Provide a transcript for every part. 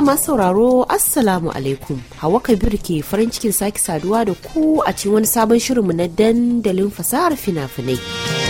masu sauraro Assalamu alaikum. Hawa Kabir ke farin cikin sake saduwa da ku a cikin wani sabon shirinmu na dandalin fasahar fina-finai.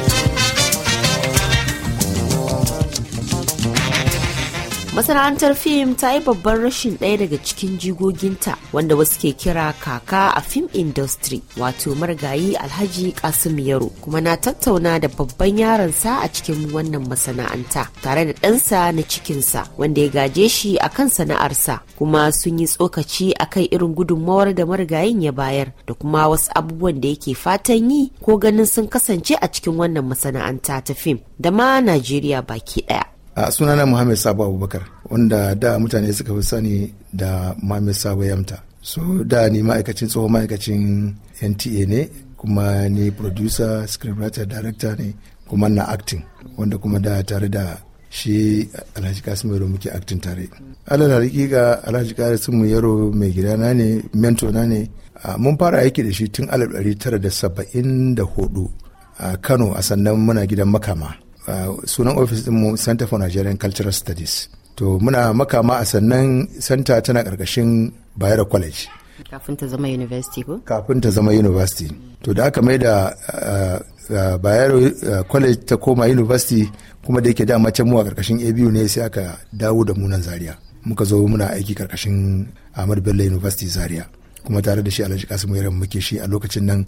masana'antar fim ta yi babban rashin ɗaya daga cikin jigoginta wanda wasu ke kira kaka a fim industry wato marigayi alhaji kasim yaro kuma na tattauna da babban yaronsa a cikin wannan masana'anta tare da ɗansa na cikinsa wanda ya gaje shi a kan sana'arsa kuma sun yi tsokaci a kan irin gudunmawar da marigayin ya bayar da kuma wasu abubuwan da yake fatan yi ko ganin sun kasance a cikin wannan masana'anta ta fim da ma najeriya baki ɗaya a sunana muhammad sabo abubakar wanda da mutane suka fi sani da muhammad sabo yamta so da ni ma'aikacin tsohon ma'aikacin nta ne kuma ni producer scriptwriter director ne kuma na acting wanda kuma da tare da shi alhaji kasim yaro muke acting tare alal hakika alhaji kasim yaro mai gidana ne mentor na ne mun fara aiki da shi tun 1974 a kano a sannan muna gidan makama Uh, sunan ofis mu center for nigerian cultural studies to muna makama a sannan center tana ƙarƙashin bayero college kafin ta zama university ko kafin ta zama university to da aka mai da uh, uh, bayero college ta koma university kuma da yake dama can mu a ƙarƙashin abu ne sai aka dawo da munan zaria muka zo muna aiki karkashin ahmad bello university zaria kuma tare da shi alhaji kasimu yaran muke shi a lokacin nan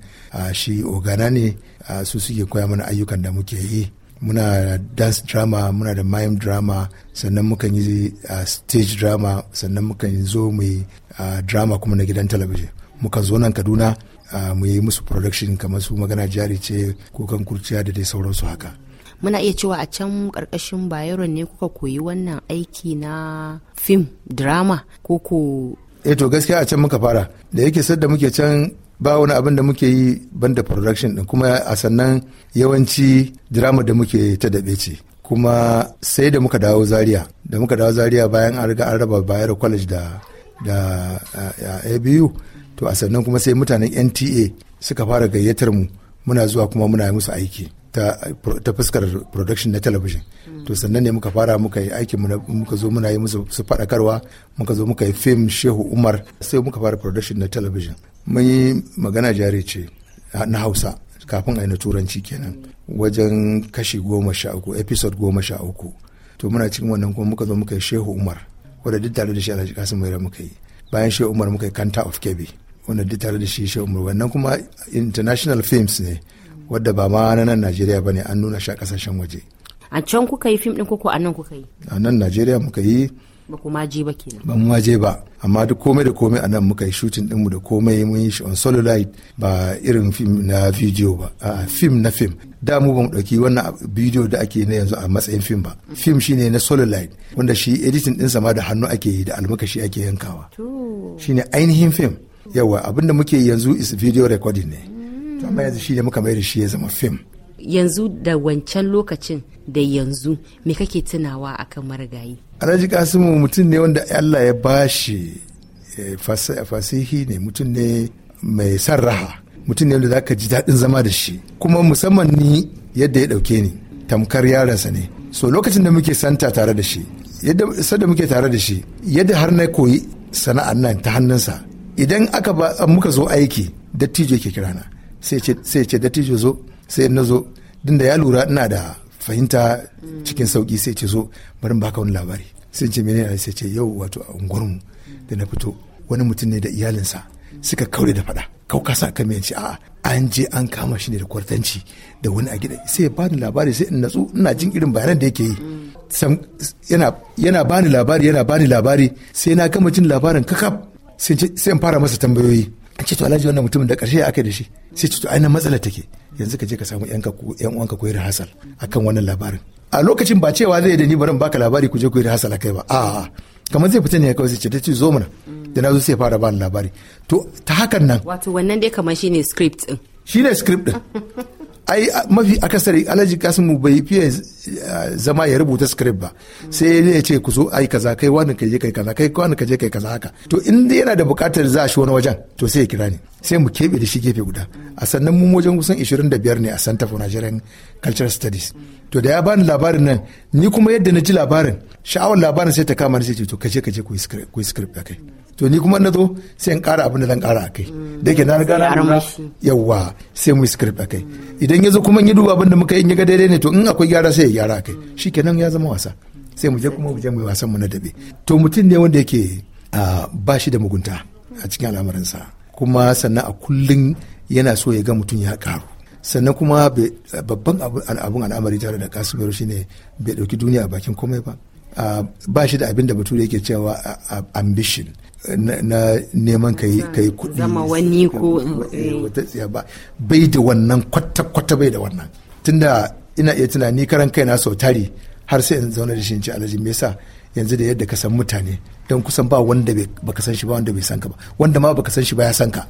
shi ogana ne su suke koya mana ayyukan da muke yi muna dance drama muna da mime drama sannan mukan yi stage drama sannan mukan zo mu yi drama kuma na gidan talabijin muka zo nan kaduna mu yi musu production kamar su magana jari ce ko kan kurciya da dai sauransu haka muna iya cewa a can karkashin bayero ne kuka koyi wannan aiki na fim drama ko ko eh to gaskiya a can muka fara da yake sadda muke can ba wani abin da muke yi banda production din kuma a sannan yawanci drama da muke ta daɓe ce kuma sai da muka dawo zaria da muka dawo zaria bayan an riga an raba bayar college da da abu to a sannan kuma sai mutanen nta suka fara gayyatar mu muna zuwa kuma muna yi musu aiki ta, ta fuskar production na television to sannan ne muka fara muka yi aiki muka zo muna yi musu su faɗakarwa muka zo muka yi fim shehu umar sai muka fara production na television mun yi magana jari ce na hausa kafin a yi na turanci kenan wajen kashi goma sha uku episode goma sha uku to muna cikin wannan kuma muka zo muka yi shehu umar wanda duk tare da shi alhaji kasim mai muka yi bayan shehu umar muka yi kanta of kebbi wanda duk tare da shi shehu umar wannan kuma international films ne wadda ba ma na nan najeriya ba ne an nuna shi a kasashen waje a can kuka yi fim din koko a nan kuka yi a nan najeriya muka yi ba ku ma je ba kenan ba mu ma je ba amma duk komai da komai a nan muka yi shooting dinmu da komai mun yi shi on solid ba irin film na video ba a film na fim da mu ban dauki wannan video da ake na yanzu a matsayin film ba film shine na solid wanda shi editing din sama da hannu ake yi da almakashi ake yankawa shine ainihin fim yawa abinda muke yanzu is video recording ne mm. to amma yanzu shine muka mai da shi ya zama fim. yanzu da wancan lokacin da yanzu me kake tunawa akan marigayi alhaji kasimu mutum ne wanda allah ya bashi eh, fasihi ne mutum ne mai sarraha mutum ne wanda ka ji daɗin zama da shi kuma musamman ni yadda ya ɗauke ni tamkar yaransa ne so lokacin da muke santa tare da shi yadda muke tare da shi yadda har na koyi sana'ar nan ta hannunsa idan aka ba muka zo aiki dattijo ke kirana sai ce dattijo zo sai na zo din da ya lura ina da fahimta cikin sauki sai ce zo bari in baka wani labari sai ce menene sai ce yau wato a unguwarmu da na fito wani mutum ne da iyalinsa suka kaure da fada ka sa mai ce a'a an je an kama shi ne da kwartanci da wani a gida sai ya bani labari sai in natsu ina jin irin bayanan da yake yi yana yana bani labari yana bani labari sai na gama jin labarin kakaf sai in fara masa tambayoyi a ce to alhaji wannan mutumin da karshe aka da shi sai ce to ainihin matsala take yanzu ka je ka samu yan uwanka ku yi rahasal akan wannan labarin a lokacin ba cewa zai da ni barin baka labari ku je ku yi rahasal akai ba a kamar zai fita ne kawai sai ce ta ce zo mana da na zo sai fara bani labari to ta hakan nan wato wannan dai kamar shine script din shine script din ai mafi akasari alhaji kasimu bai fiye eh, zama ya rubuta script ba sai ya ce ku zo ai kaza kai wani ka je kai kaza kai wani ka je kai kaza haka to in yana da bukatar za shi wani wajen to sai ya kira ni sai mu keɓe da shi gefe guda a sannan mu wajen kusan 25 ne a Center for Nigerian Cultural Studies to da ya bani labarin nan ni kuma yadda na ji labarin sha'awar labarin sai ta kama ni sai ce to kaje kaje ku ku script a kai to ni kuma na zo sai in kara abin da zan kara a kai da yake na riga na yawa sai mu script a kai idan yazo zo kuma in yi duba abin da muka yi in ya ga daidai ne to in akwai gyara sai ya gyara a kai shikenan ya zama wasa sai mu je kuma mu je mu wasan mu na dabe to mutum ne wanda yake ba shi da mugunta a cikin sa kuma sannan a kullum yana so ya ga mutum ya karu sannan kuma babban abun al'amari tare da kasimiro shine bai ɗauki duniya a bakin komai ba ba shi da abin da bature yake cewa ambition na neman ka yi kuɗi zama wani ko eh. bai da wannan kwata-kwata bai da wannan tunda ina iya tunani karan na sau tari har sai in zauna da shi in ce alhaji me yasa yanzu da yadda ka san mutane don kusan ba wanda baka san shi ba wanda bai san ka ba wanda ma baka san shi ba ya san ka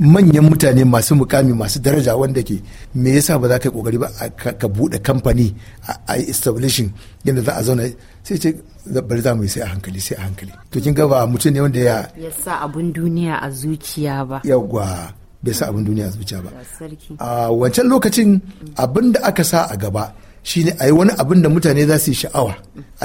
manyan mutane masu mukami masu daraja wanda ke me yasa ba za ka yi kokari ba ka bude kamfani a establishing yadda za a zauna sai ce bari za mu yi sai a hankali sai a hankali to kin ga ba mutum ne wanda ya ya sa abun duniya a zuciya ba yawwa bai sa abun duniya a zuciya ba a wancan lokacin abin da aka sa a gaba shine a yi wani abin da mutane za su yi sha'awa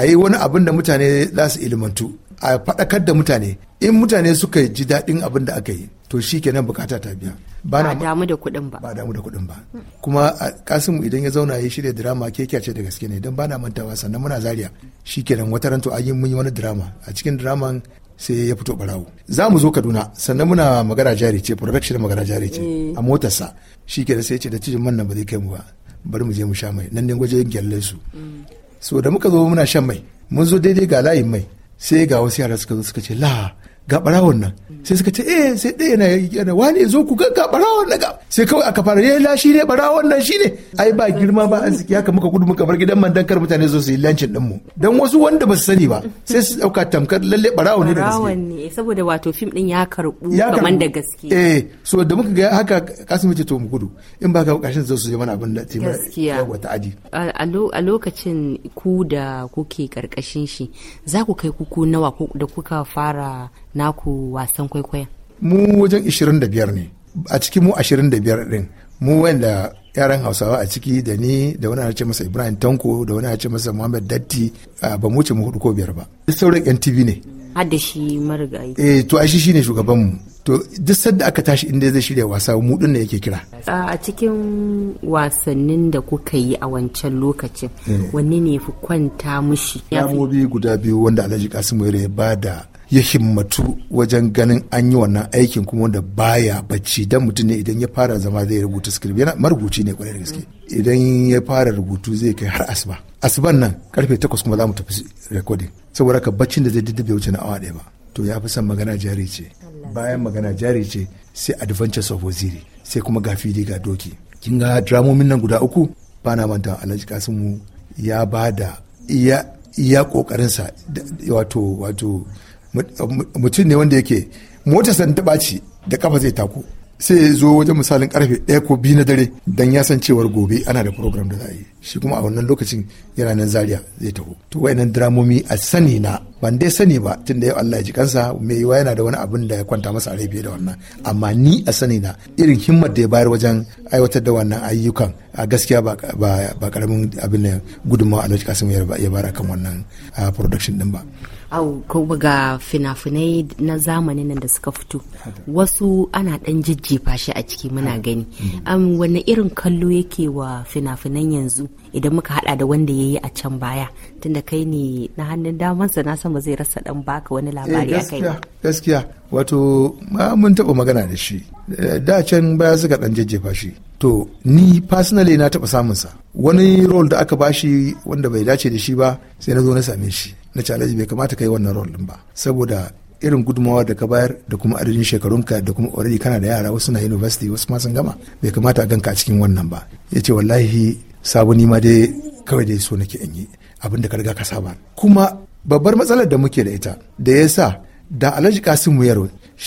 a yi wani abin da mutane za su ilmantu a faɗakar da mutane in mutane suka ji daɗin abin da aka yi to shi kenan bukata ta biya ba damu da kuɗin ba ba damu da kuɗin ba kuma kasimu idan ya zauna ya shirya drama keke ce da gaske ne don ba na mantawa sannan muna Zariya. shi kenan wata to an yi mun yi wani drama a cikin draman sai ya fito barawo za mu zo kaduna sannan muna magana jari ce production magana jari ce eh. a motarsa shi kenan sai ce da cijin man nan ba zai kai mu ba bari mu je mu sha mai nan ne gwaje gyalle su mm. so da muka zo muna shan mai mun zo daidai ga layin mai sai ga wasu yara suka zo suka ce la ga barawon nan sai suka ce eh sai ɗaya yana yana wani zo ku ga barawon nan ga sai kawai aka fara ya eh, la shi ne barawon nan shi ne ai ba girma ba arziki haka muka gudu muka bar gidan man dan kar mutane zo su yi lancin din mu dan wasu wanda ba su sani ba sai su dauka tamkar lalle barawon ne da gaske barawon ne saboda wato fim din ya karbu kaman da gaske eh so da muka ga haka kasu ce to mu gudu in ba ka karshen zo su yi mana abin da ce wata aji a lokacin ku da kuke karkashin shi za ku kai kuku nawa da kuka fara naku wasan kwaikwayon mu wajen 25 ne a cikin mu 25 din mu wanda yaran hausawa a ciki da ni da wani ce masa ibrahim tanko da wani ce masa muhammad datti ba mu ce mu hudu ko biyar ba duk sauran yan tv ne Hadda shi marigayi eh to ai shi shi ne shugabanmu to duk sadda aka tashi inda zai shirya wasa mu din ne yake kira a cikin wasannin da kuka yi a wancan lokacin eh. wanne ne fi kwanta mushi yamobi guda biyu wanda alhaji kasimu ya ba da ya himmatu wajen ganin an yi wannan aikin kuma wanda baya bacci dan mutum ne idan ya fara zama zai rubuta script yana marubuci ne kwarai da gaske idan ya fara rubutu zai kai har asuba asuban nan karfe takwas kuma za mu tafi recording saboda ka baccin da zai bai wuce na awa daya ba to ya fi son magana jari ce bayan magana jari ce sai adventures of waziri sai kuma ga fili ga doki kin ga dramomin nan guda uku ba na manta alhaji kasimu ya ba da iya kokarin sa wato wato mutum ne wanda yake san ta ci da kafa zai tako sai ya zo wajen misalin karfe ɗaya ko biyu na dare dan ya san cewar gobe ana da program da za a yi shi kuma a wannan lokacin yana nan zariya zai taho to wayannan dramomi a sani na ban dai sani ba tun da yau Allah ya ji kansa mai yiwa yana da wani abin da ya kwanta masa a rai da wannan amma ni a sani na irin himmar da ya bayar wajen aiwatar da wannan ayyukan a gaskiya ba karamin abin da gudunmawa lokacin kasim ya bara kan wannan production din ba au ko ga fina-finai na zamanin nan da suka fito wasu ana dan jijjifa shi a ciki muna gani um, mm. wani irin kallo yake wa fina-finan yanzu idan muka hada da wanda ya yi a can baya tunda kai ne na hannun damansa na sama zai rasa dan baka wani eh, labari a kai gaskiya wato ma mun taba magana da shi da can baya suka dan jajjefa shi to ni personally na taba samun sa wani role da aka bashi wanda bai dace da shi ba sai na zo na same shi na challenge bai kamata kai wannan role din ba saboda irin gudunmawa da ka bayar da kuma adadin shekarunka da kuma already kana da yara wasu na university wasu ma gama bai kamata a ganka a cikin wannan ba ya ce wallahi sabo ni ma dai kawai dai so nake in yi abin da ka riga ka saba kuma babbar matsalar da muke da ita da ya sa da alhaji kasim muyaro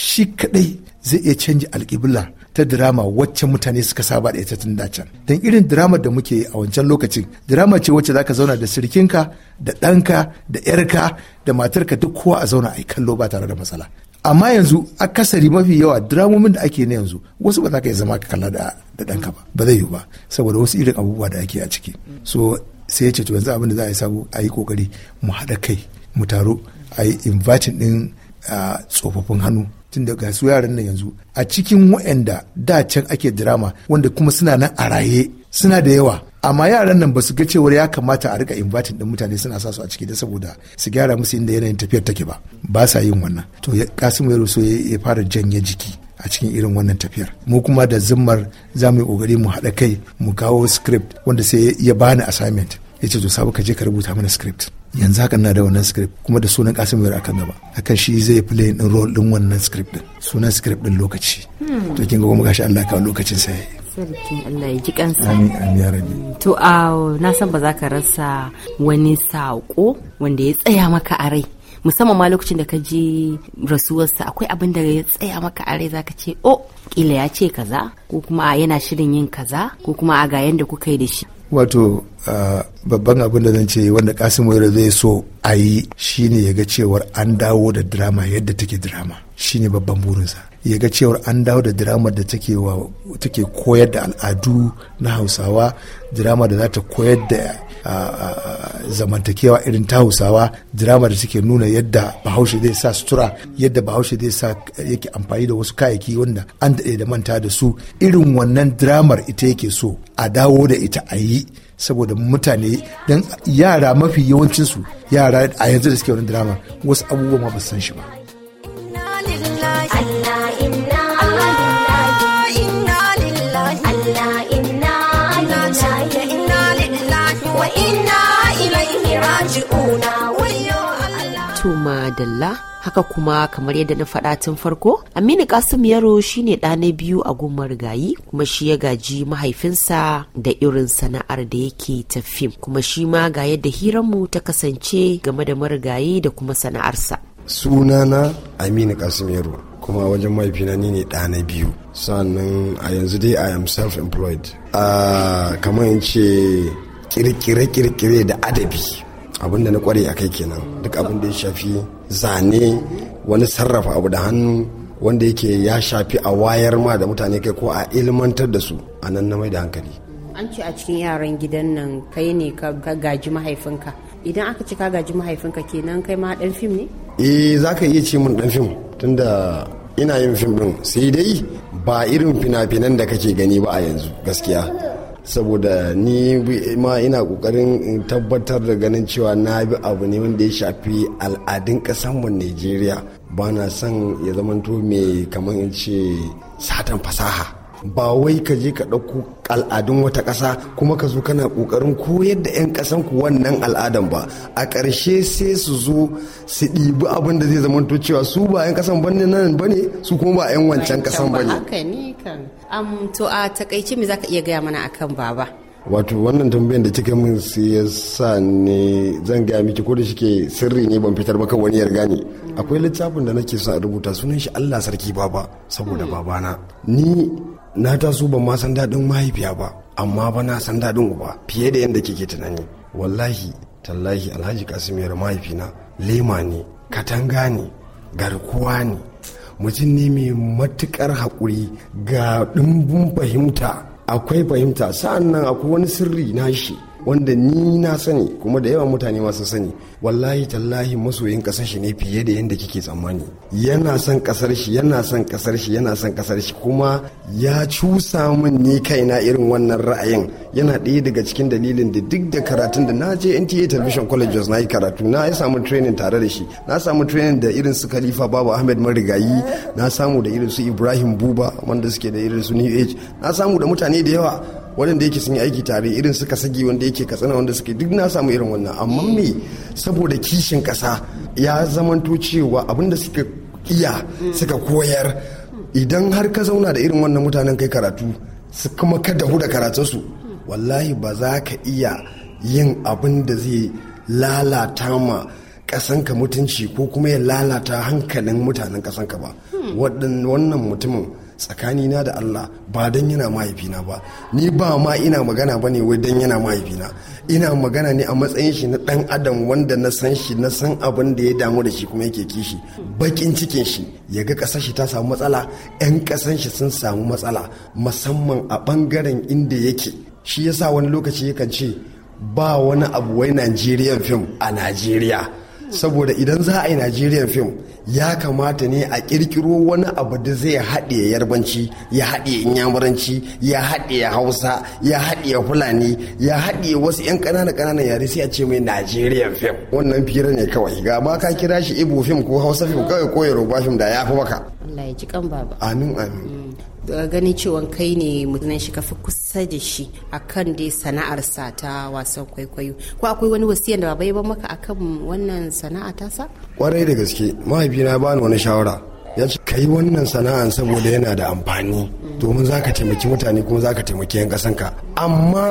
shi kadai zai iya canji alƙibla ta dirama wacce mutane suka saba da ita tun da can don irin diramar da muke a wancan lokacin dirama ce wacce zaka zauna da sirkinka da ɗanka da yarka da matarka duk kowa a zauna a kallo ba tare da matsala amma yanzu akasari mafi yawa dramomin da ake na yanzu wasu ba za ka yi zama ka kalla da ɗanka ba ba zai yiwu ba saboda wasu irin abubuwa da ake a ciki so sai ya ce to yanzu abin da za a yi sabu a yi kokari mu haɗa kai mu taro a yi invatin ɗin tsofaffin hannu tun daga su yaran nan yanzu a cikin waɗanda da can ake drama wanda kuma suna nan a raye suna da yawa amma yaran nan ba su ga cewar ya kamata a rika invatin din mutane suna sa su a ciki da saboda su gyara musu inda yanayin tafiyar take ba ba sa yin wannan to kasimu yaro ruso ya fara janye jiki a cikin irin wannan tafiyar mu kuma da zimmar za mu yi kokari mu haɗa kai mu kawo script wanda sai ya bani assignment ya ce to sabu ka je ka rubuta mana script yanzu haka na da wannan script kuma da sunan kasim bayar akan gaba akan shi zai play din role din wannan script din sunan script din lokaci hmm. to kin ga kuma gashi Allah ka lokacin sai sarkin Allah ya ji kansa to a na san ba za ka rasa wani saƙo wanda ya tsaya maka a rai musamman ma lokacin da ka ji rasuwarsa akwai abin da ya tsaya maka a rai ka ce oh ƙila ya ce kaza ko kuma yana shirin yin kaza ko kuma a ga yanda kuka yi da shi wato babban abin da zan ce wanda kasim wadda zai so a yi shine ya ga cewar an dawo da drama yadda take drama shine babban burinsa ya ga cewar an dawo da drama da take koyar da al'adu na hausawa drama da za ta koyar da zamantakewa irin ta hausawa drama da suke nuna yadda bahaushe zai sa sutura yadda bahaushe zai sa yake amfani da wasu kayayyaki wanda an daɗe da manta da su irin wannan dramar ita yake so a dawo da ita a yi saboda mutane don yara mafi yawancinsu yara a yanzu da suke wani drama wasu abubuwa ma ba san shi ba To madalla haka kuma kamar yadda na faɗa tun farko aminu kasim yaro shine ɗa na biyu a goma rigayi kuma shi ya gaji mahaifinsa da irin sana'ar da yake tafim kuma shi ma ga yadda hiranmu ta kasance game da marigayi da kuma sana'arsa sunana aminu kasim yaro kuma wajen mahaifina ni ne ɗa na biyu sannan a yanzu dai i am self-employed uh, kamar in ce kirkire-kirkire da adabi abin da na kware a kai kenan duk abin da ya shafi zane wani sarrafa abu da hannu wanda yake ya shafi a wayar ma da mutane kai ko a ilmantar da su a nan na mai da hankali an ce a cikin yaran gidan nan kai ne ka gaji mahaifinka idan aka ci ka gaji mahaifinka kenan kai ma dan fim ne eh za ka iya ce mun dan fim tunda ina yin fim din sai dai ba irin fina-finan da kake gani ba a yanzu gaskiya saboda ni ma ina kokarin tabbatar da ganin cewa na bi abu ne wanda ya shafi al'adun mu Najeriya ba na son ya zamanto mai kamar in ce satan fasaha ba wai ka je ka ɗauko al'adun wata ƙasa kuma ka zo kana ƙoƙarin koyar da 'yan ƙasan ku wannan al'adan ba a ƙarshe sai su zo su ɗibi abin da zai zamanto cewa su ba 'yan ƙasan ba nan ba ne su kuma ba 'yan wancan ƙasan ba ne. to a takaice me za ka iya gaya mana akan baba. wato wannan tambayan da cikin min sai ya sa ne zan gaya miki ko da ke sirri ne ban fitar baka wani yarga ne akwai littafin da nake son a rubuta sunan shi Allah sarki baba saboda hmm. babana ni na taso ban ma san daɗin mahaifiya ba amma ba na san daɗin uba fiye da yadda kike tunani wallahi tallahi alhaji kasim yar mahaifina lema ne katanga ne garkuwa ne mutum ne mai matukar haƙuri ga ɗumbin fahimta akwai fahimta sa'an nan akwai wani sirri na shi wanda ni na sani kuma da yawan mutane masu sani wallahi tallahi masoyin kasar shi ne fiye da yadda kike tsammani yana son kasar shi yana son kasar shi yana son kasar shi kuma ya cusa min ni kaina irin wannan ra'ayin yana ɗaya daga cikin dalilin da duk da karatun da na je NTA Television Colleges na yi karatu na ya samu training tare da shi na samu training da irin su Khalifa Babu Ahmed Marigayi na samu da irin su Ibrahim Buba wanda suke da irin su New Age na samu da mutane da yawa waɗanda yake sun yi aiki tare irin suka sage wanda yake katsina wanda suke duk na samu irin wannan amma me saboda kishin kasa ya zamanto cewa abinda suka iya suka koyar idan har ka zauna da irin wannan mutanen kai karatu su kuma ka dahu da su. wallahi ba za ka iya yin abin da zai lalata ma kasanka mutunci ko kuma ya lalata hankalin mutanen ka ba wannan mutumin tsakanina da Allah ba dan yana mahaifina ba ni ba ma ina magana ba ne wai dan yana mahaifina ina magana ne a matsayin shi na dan adam wanda na san shi na san abin da ya damu da shi kuma yake kishi bakin cikin shi ya ga kasar shi ta samu matsala yan kasan shi sun samu matsala musamman a bangaren inda yake shi yasa wani lokaci yakan ce ba wani abu wai Nigerian fim a Najeriya saboda idan za a yi nigerian film ya kamata ne a kirkiro wani abu da zai haɗe yarbanci ya haɗe inyamuranci ya haɗe hausa ya haɗe fulani ya haɗe wasu 'yan ƙananan ƙananan yare sai a ce mai nigerian film wannan fira ne kawai ga ma ka kira shi ibo film ko hausa film kawai ko yoruba film da ya fi maka amin amin ganin cewa kai ne mutunan shi kafi kusa da shi a akan dai sa ta wasan kwaikwayo ko akwai wani wasiya da baba ba maka akan wannan sana'a ta sa kwarai da gaske mahaifina ba ni wani shawara ya ce kai wannan sana'ar saboda yana da amfani domin za ka taimaki mutane kuma za ka taimaki 'yan kasanka amma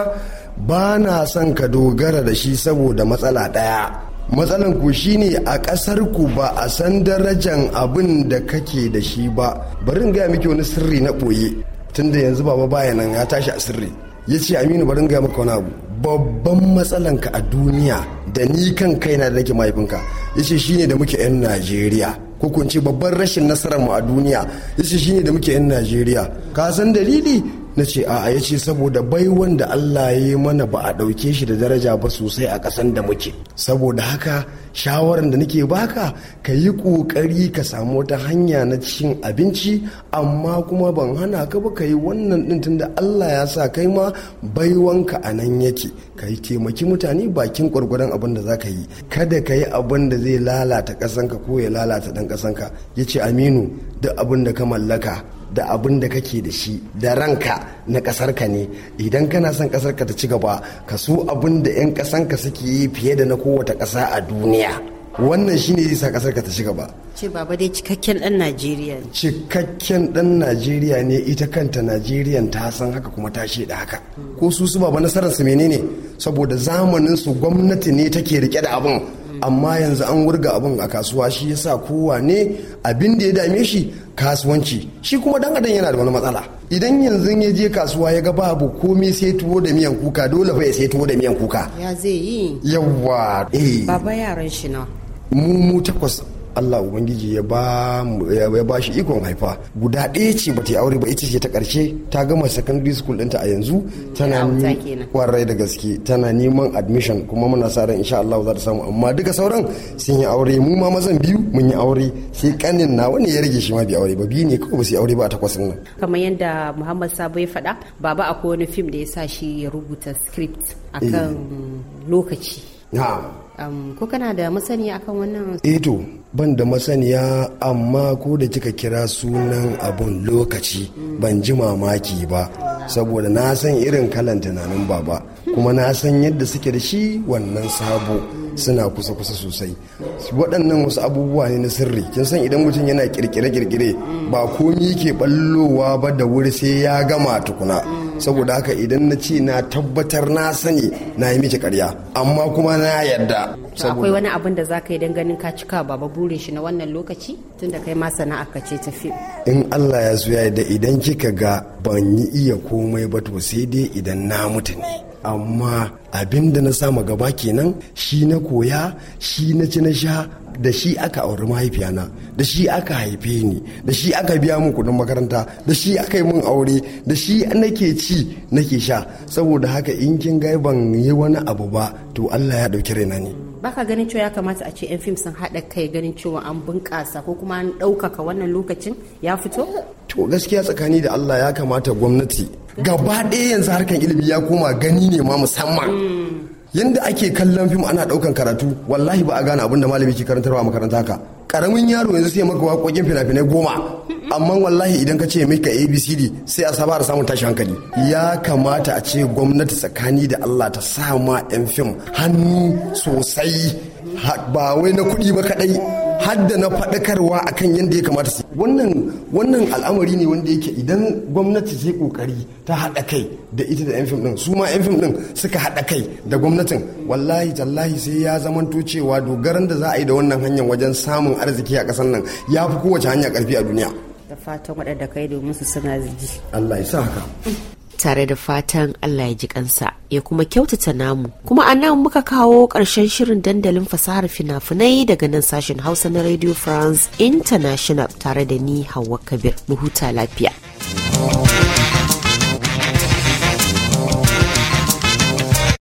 ba na son ka dogara da shi saboda matsala ɗaya matsalan ku shine a ƙasar ku ba a san darajan abin da kake da shi ba bari in gaya miki wani sirri na ɓoye tunda yanzu baba baya nan ya tashi a sirri ya ce aminu bari in gaya maka wani abu babban matsalanka a duniya da ni kan kaina da nake mahaifinka ya ce shine da muke 'yan najeriya ko kun ce babban rashin nasarar mu a duniya ya ce shine da muke 'yan najeriya ka san dalili na ce a ya ce saboda bai wanda Allah ya yi mana ba a ɗauke shi da daraja ba sosai a ƙasan da muke saboda haka shawaran da nake baka ka yi ƙoƙari ka samu wata hanya na cikin abinci amma kuma ban hana ka ba ka yi wannan ɗin tunda Allah ya sa kai ma baiwanka a nan yake ka yi taimaki mutane bakin gwargwadon abin da za ka yi kada ka yi abin da zai lalata ƙasanka ko ya lalata ɗan ƙasanka ya ce aminu duk abin da ka mallaka da abin da kake da shi da ranka na ƙasarka ne idan kana son ƙasarka ta ci gaba ka so abin da 'yan ƙasanka suke yi fiye da na kowace kasa a duniya wannan shine zai sa ƙasarka ta ci gaba ce baba dai cikakken ɗan najeriya ne cikakken ɗan najeriya ne ita kanta najeriyan ta san haka kuma ta shaida haka ko su su baba nasararsu menene saboda zamanin su gwamnati ne take rike da abin amma yanzu an wurga abin a kasuwa shi yasa kowa ne abin da ya dame shi kasuwanci shi kuma dan adam yana da wani matsala idan yanzu ya je kasuwa ya ga babu komai sai tuwo da miyan kuka dole fa ya sai tuwo da miyan kuka ya zai yi yawa eh baba yaran shi na mu mu takwas Allah ubangiji ya ba ya ba shi ikon haifa guda ɗaya ce bata yi aure ba ita ce ta ƙarshe ta gama secondary school ɗinta a yanzu tana kwarai da gaske tana neman admission kuma muna sa ran insha Allah za ta samu amma duka sauran sun yi aure mu ma mazan biyu mun yi aure sai kanin na wani ya rage shi ma bi aure ba biyu ne kawai ba su yi aure ba a takwas nan kamar yadda Muhammad Sabo ya faɗa baba akwai wani fim da ya sa shi ya rubuta script akan eh. lokaci na'am ko kana da masani akan wannan eto eh ban da masaniya amma ko da kika kira sunan abun lokaci ban ji mamaki ba saboda na san irin kalan tunanin baba kuma na san yadda suke da shi wannan sabo suna kusa kusa sosai waɗannan wasu abubuwa ne na sirri kin san idan mutum yana kirkire kirkire ba komi ke ballowa ba da wuri sai ya gama tukuna saboda haka idan na ce na tabbatar na sani na yi miki karya amma kuma na yarda akwai wani abin da zaka yi don ganin ka cika baba burin shi na wannan lokaci tun da kai ma sana'a ka ce tafi in Allah ya so ya idan kika ga ban yi iya komai ba to sai dai idan na mutu ne amma abin da na sama gaba kenan shi na koya shi na ci na sha da shi aka auri mahaifiyana da shi aka haife ni da shi aka biya min kudin makaranta da shi aka yi min aure da shi nake ci nake sha saboda haka in kin ga ban yi wani abu ba to Allah ya dauki raina ne baka ganin cewa ya kamata a ce yan fim sun haɗa kai ganin cewa an bunƙasa ko kuma an ɗaukaka wannan lokacin ya fito to gaskiya tsakani da Allah ya kamata gwamnati gaba ɗaya yanzu harkan ilimi ya koma gani ne ma musamman yanda ake kallon fim ana ɗaukan karatu wallahi ba a gane abin da malami ke karantarwa a makaranta haka karamin yaro yanzu sai maka waƙoƙin fina-finai goma amma wallahi idan ka ce maka abcd sai a saba da samun tashi hankali ya kamata a ce gwamnati tsakani da allah ta sa ma 'yan fim hannu sosai ba wai na kuɗi ba kaɗai hadda na faɗakarwa a kan yadda ya kamata su wannan wannan al'amari ne wanda yake idan gwamnati ta yi kokari ta haɗa kai da ita da 'yan fim ɗin su ma 'yan fim ɗin suka haɗa kai da gwamnatin wallahi tallahi sai ya zamanto cewa dogaran da za a yi da wannan hanyar wajen samun arziki a kasar nan ya fi kowace hanya ƙarfi a duniya da fatan waɗanda kai domin su suna ji Allah ya sa haka tare da fatan Allah ya ji kansa ya kuma kyautata namu kuma a nan muka kawo ƙarshen shirin dandalin fasahar fina-finai daga nan sashen hausa na radio france international tare da ni hawa kabir mu huta lafiya.